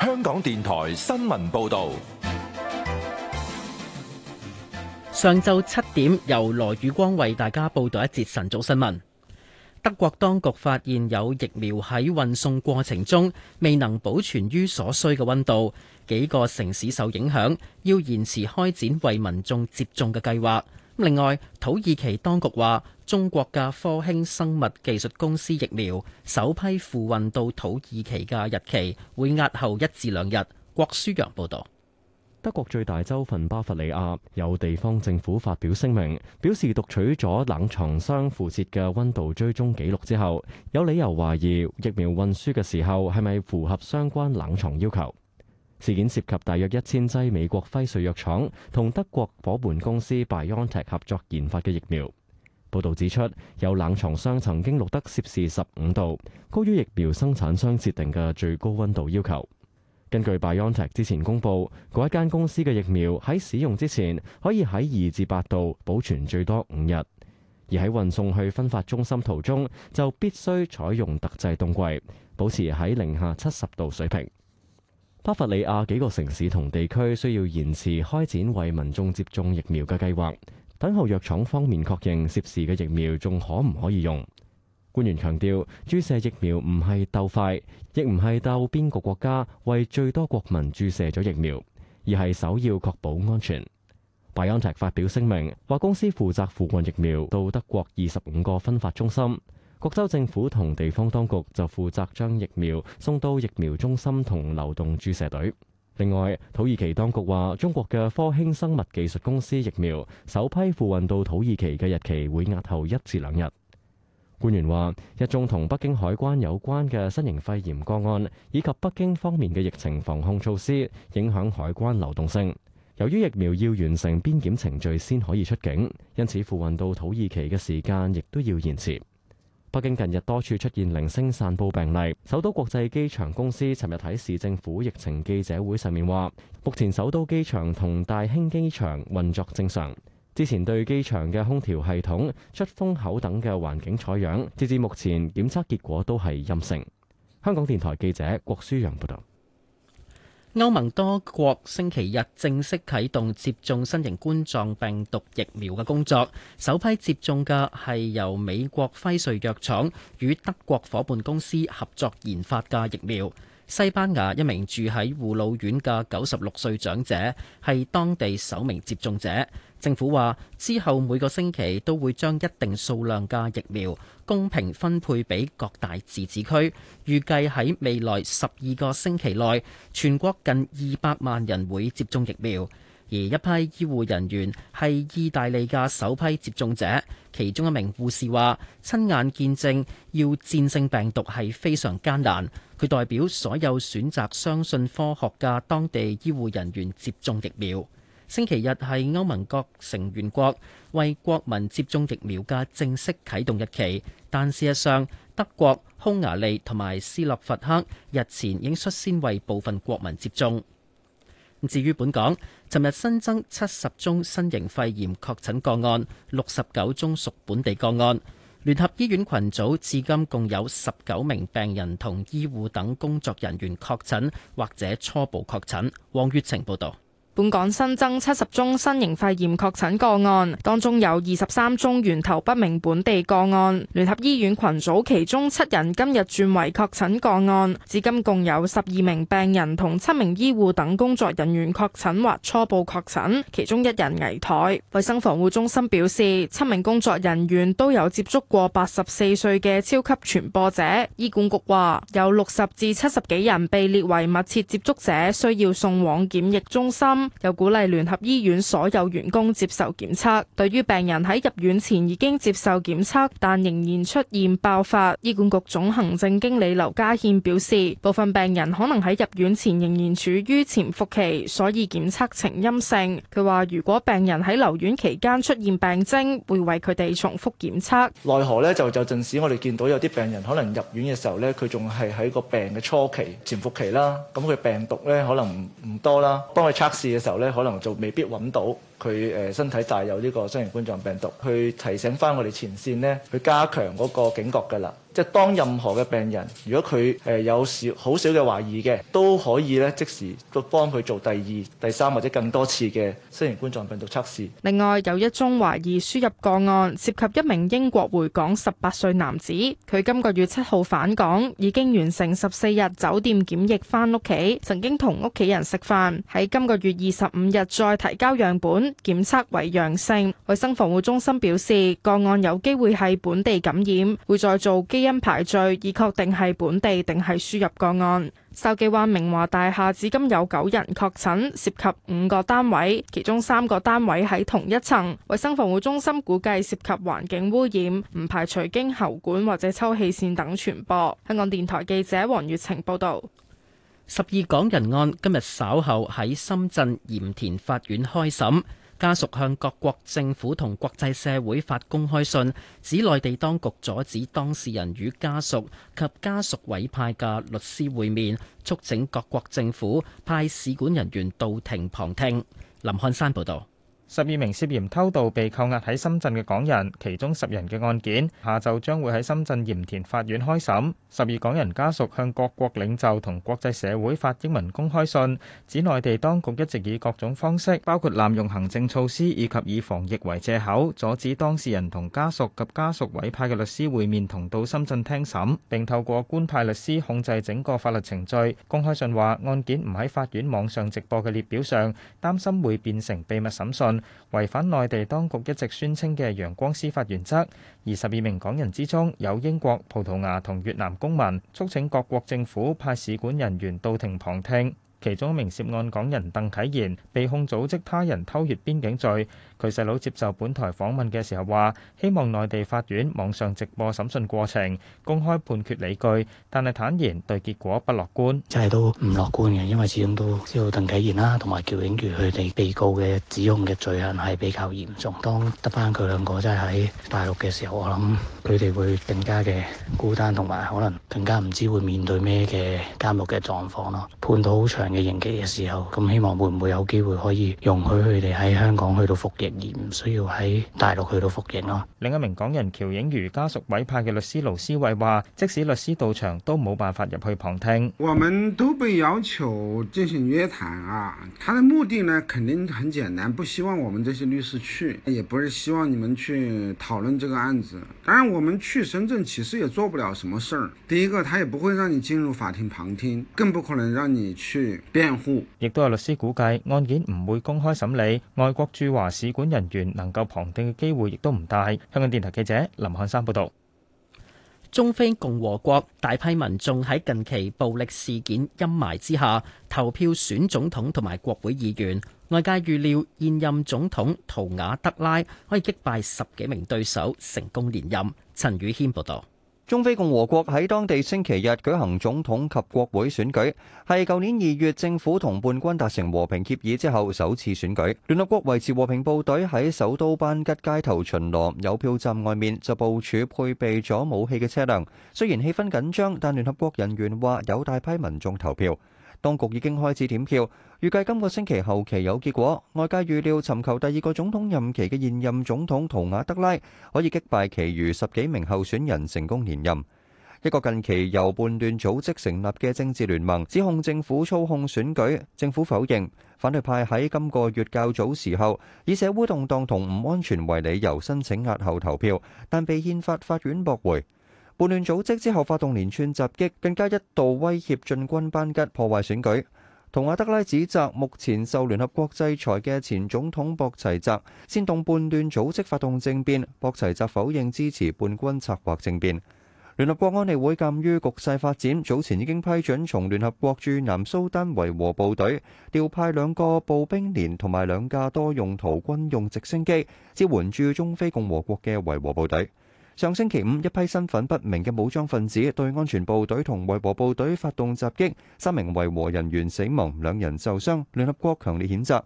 香港電台新聞報道，上晝七點由羅宇光為大家報道一節晨早新聞。德國當局發現有疫苗喺運送過程中未能保存於所需嘅溫度，幾個城市受影響，要延遲開展為民眾接種嘅計劃。另外，土耳其當局話，中國嘅科興生物技術公司疫苗首批付運到土耳其嘅日期會押後一至兩日。郭書陽報道。德國最大州份巴伐利亞有地方政府發表聲明，表示讀取咗冷藏箱附設嘅溫度追蹤記錄之後，有理由懷疑疫苗運輸嘅時候係咪符合相關冷藏要求。事件涉及大約一千劑美國輝瑞藥廠同德國伙伴公司 BioNTech 合作研發嘅疫苗。報道指出，有冷藏箱曾經錄得攝氏十五度，高於疫苗生產商設定嘅最高溫度要求。根據 BioNTech 之前公布，嗰一間公司嘅疫苗喺使用之前可以喺二至八度保存最多五日，而喺運送去分發中心途中就必須採用特製凍櫃，保持喺零下七十度水平。巴伐利亞幾個城市同地區需要延遲開展為民眾接種疫苗嘅計劃，等候藥廠方面確認涉事嘅疫苗仲可唔可以用。官員強調，注射疫苗唔係鬥快，亦唔係鬥邊個國家為最多國民注射咗疫苗，而係首要確保安全。BioNTech 發表聲明，話公司負責付運疫苗到德國二十五個分發中心。各州政府同地方當局就負責將疫苗送到疫苗中心同流動注射隊。另外，土耳其當局話，中國嘅科興生物技術公司疫苗首批付運到土耳其嘅日期會押後一至兩日。官員話，一宗同北京海關有關嘅新型肺炎個案，以及北京方面嘅疫情防控措施，影響海關流動性。由於疫苗要完成邊檢程序先可以出境，因此付運到土耳其嘅時間亦都要延遲。北京近日多處出現零星散佈病例。首都國際機場公司尋日喺市政府疫情記者會上面話，目前首都機場同大興機場運作正常。之前對機場嘅空調系統、出風口等嘅環境採樣，直至目前檢測結果都係陰性。香港電台記者郭舒揚報道。歐盟多國星期日正式啟動接種新型冠狀病毒疫苗嘅工作，首批接種嘅係由美國輝瑞藥廠與德國夥伴公司合作研發嘅疫苗。西班牙一名住喺護老院嘅九十六歲長者係當地首名接種者。政府話，之後每個星期都會將一定數量嘅疫苗公平分配俾各大自治區。預計喺未來十二個星期內，全國近二百萬人會接種疫苗。而一批醫護人員係意大利嘅首批接種者，其中一名護士話親眼見證要戰勝病毒係非常艱難，佢代表所有選擇相信科學嘅當地醫護人員接種疫苗。星期日係歐盟各成員國為國民接種疫苗嘅正式啟動日期，但事實上，德國、匈牙利同埋斯洛伐克日前已經率先為部分國民接種。至於本港，尋日新增七十宗新型肺炎確診個案，六十九宗屬本地個案。聯合醫院群組至今共有十九名病人同醫護等工作人員確診或者初步確診。黃月晴報導。本港新增七十宗新型肺炎確診個案，當中有二十三宗源頭不明本地個案。聯合醫院群組其中七人今日轉為確診個案，至今共有十二名病人同七名醫護等工作人員確診或初步確診，其中一人危殆。衛生防護中心表示，七名工作人員都有接觸過八十四歲嘅超級傳播者。醫管局話有六十至七十幾人被列為密切接觸者，需要送往檢疫中心。又鼓勵聯合醫院所有員工接受檢測。對於病人喺入院前已經接受檢測，但仍然出現爆發，醫管局總行政經理劉家憲表示，部分病人可能喺入院前仍然處於潛伏期，所以檢測呈陰性。佢話如果病人喺留院期間出現病徵，會為佢哋重複檢測。奈何呢？就就陣時我哋見到有啲病人可能入院嘅時候呢，佢仲係喺個病嘅初期潛伏期啦，咁佢病毒呢可能唔唔多啦，幫佢測試嘅時候咧，可能就未必揾到佢誒身體帶有呢個新型冠狀病毒，去提醒翻我哋前線呢，去加強嗰個警覺㗎啦。即係當任何嘅病人，如果佢誒有少好少嘅懷疑嘅，都可以咧即時都幫佢做第二、第三或者更多次嘅新型冠狀病毒測試。另外有一宗懷疑輸入個案，涉及一名英國回港十八歲男子，佢今個月七號返港，已經完成十四日酒店檢疫翻屋企，曾經同屋企人食飯，喺今個月二十五日再提交樣本。檢測為陽性，衛生防護中心表示個案有機會係本地感染，會再做基因排序以確定係本地定係輸入個案。筲箕灣明華大廈至今有九人確診，涉及五個單位，其中三個單位喺同一層。衛生防護中心估計涉及環境污染，唔排除經喉管或者抽氣扇等傳播。香港電台記者王月晴報道。十二港人案今日稍後喺深圳鹽田法院開審。家屬向各國政府同國際社會發公開信，指內地當局阻止當事人與家屬及家屬委派嘅律師會面，促請各國政府派使館人員到庭旁聽。林漢山報導。十二名涉嫌偷渡被扣押喺深圳嘅港人，其中十人嘅案件下晝將會喺深圳鹽田法院開審。十二港人家屬向各國領袖同國際社會發英文公開信，指內地當局一直以各種方式，包括濫用行政措施以及以防疫為借口，阻止當事人同家屬及家屬委派嘅律師會面同到深圳聽審，並透過官派律師控制整個法律程序。公開信話，案件唔喺法院網上直播嘅列表上，擔心會變成秘密審訊。違反內地當局一直宣稱嘅陽光司法原則，而十二名港人之中，有英國、葡萄牙同越南公民，促請各國政府派使館人員到庭旁聽。其中一名涉案港人鄧棨然被控組織他人偷越邊境罪。佢細佬接受本台訪問嘅時候話，希望內地法院網上直播審訊過程，公開判決理據，但係坦言對結果不樂觀，真係都唔樂觀嘅，因為始終都知道鄧棨然啦，同埋喬映瑜佢哋被告嘅指控嘅罪行係比較嚴重。當得翻佢兩個真係喺大陸嘅時候，我諗佢哋會更加嘅孤單同埋可能更加唔知會面對咩嘅監獄嘅狀況咯。判到好長。嘅刑期嘅時候，咁希望會唔會有機會可以容許佢哋喺香港去到服刑，而唔需要喺大陸去到服刑咯。另一名港人喬影如家屬委派嘅律師盧思慧話，即使律師到場，都冇辦法入去旁聽。我們都被要求進行約談啊，他的目的呢，肯定很簡單，不希望我們這些律師去，也不是希望你們去討論這個案子。當然，我們去深圳其實也做不了什麼事兒。第一個，他也不會讓你進入法庭旁聽，更不可能讓你去。辯護，亦都有律師估計案件唔會公開審理，外國駐華使館人員能夠旁聽嘅機會亦都唔大。香港電台記者林漢山報道。中非共和國大批民眾喺近期暴力事件陰霾之下投票選總統同埋國會議員，外界預料現任總統圖雅德拉可以擊敗十幾名對手成功連任。陳宇謙報道。中非共和國喺當地星期日舉行總統及國會選舉，係舊年二月政府同叛軍達成和平協議之後首次選舉。聯合國維持和平部隊喺首都班吉街頭巡邏，有票站外面就部署配備咗武器嘅車輛。雖然氣氛緊張，但聯合國人員話有大批民眾投票。當局已經開始點票，預計今個星期後期有結果。外界預料尋求第二個總統任期嘅現任總統圖瓦德拉可以擊敗其餘十幾名候選人，成功連任。一個近期由叛亂組織成立嘅政治聯盟指控政府操控選舉，政府否認。反對派喺今個月較早時候以社會動盪同唔安全為理由申請押後投票，但被憲法法院駁回。叛亂組織之後發動連串襲擊，更加一度威脅進軍班吉，破壞選舉。同阿德拉指責目前受聯合國制裁嘅前總統博齊澤煽動叛亂組織發動政變，博齊澤否認支持叛軍策劃政變。聯合國安理會鑑於局勢發展，早前已經批准從聯合國駐南蘇丹維和部隊調派兩個步兵連同埋兩架多用途軍用直升機，支援駐中非共和國嘅維和部隊。上星期五，一批身份不明嘅武裝分子對安全部隊同維和部隊發動襲擊，三名維和人員死亡，兩人受傷。聯合國強烈譴責。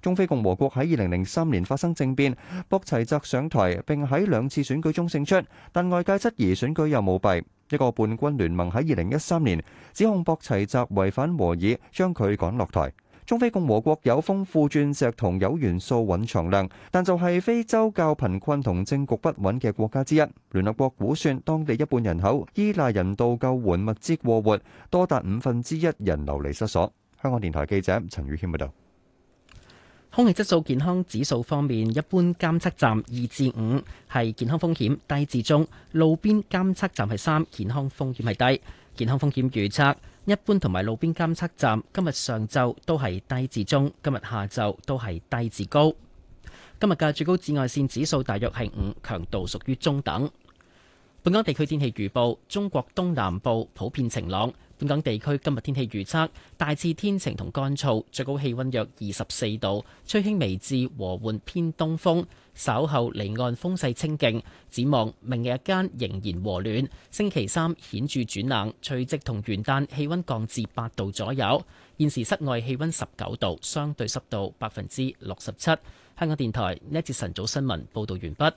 中非共和國喺二零零三年發生政變，博齊澤上台，並喺兩次選舉中勝出，但外界質疑選舉有舞弊。一個叛軍聯盟喺二零一三年指控博齊澤違反和議，將佢趕落台。中非共和國有豐富鑽石同有元素蘊藏量，但就係非洲較貧困同政局不穩嘅國家之一。聯合國估算當地一半人口依賴人道救援物資過活，多達五分之一人流離失所。香港電台記者陳宇謙報道。空氣質素健康指數方面，一般監測站二至五係健康風險低至中，路邊監測站係三，健康風險係低。健康風險預測。一般同埋路邊監測站今日上晝都係低至中，今日下晝都係低至高。今日嘅最高紫外線指數大約係五，強度屬於中等。本港地區天氣預報：中國東南部普遍晴朗。本港地區今日天氣預測大致天晴同乾燥，最高氣溫約二十四度，吹輕微至和緩偏東風。稍後離岸風勢清勁，展望明日間仍然和暖。星期三顯著轉冷，除夕同元旦氣溫降至八度左右。現時室外氣溫十九度，相對濕度百分之六十七。香港電台呢節晨早新聞報道完畢。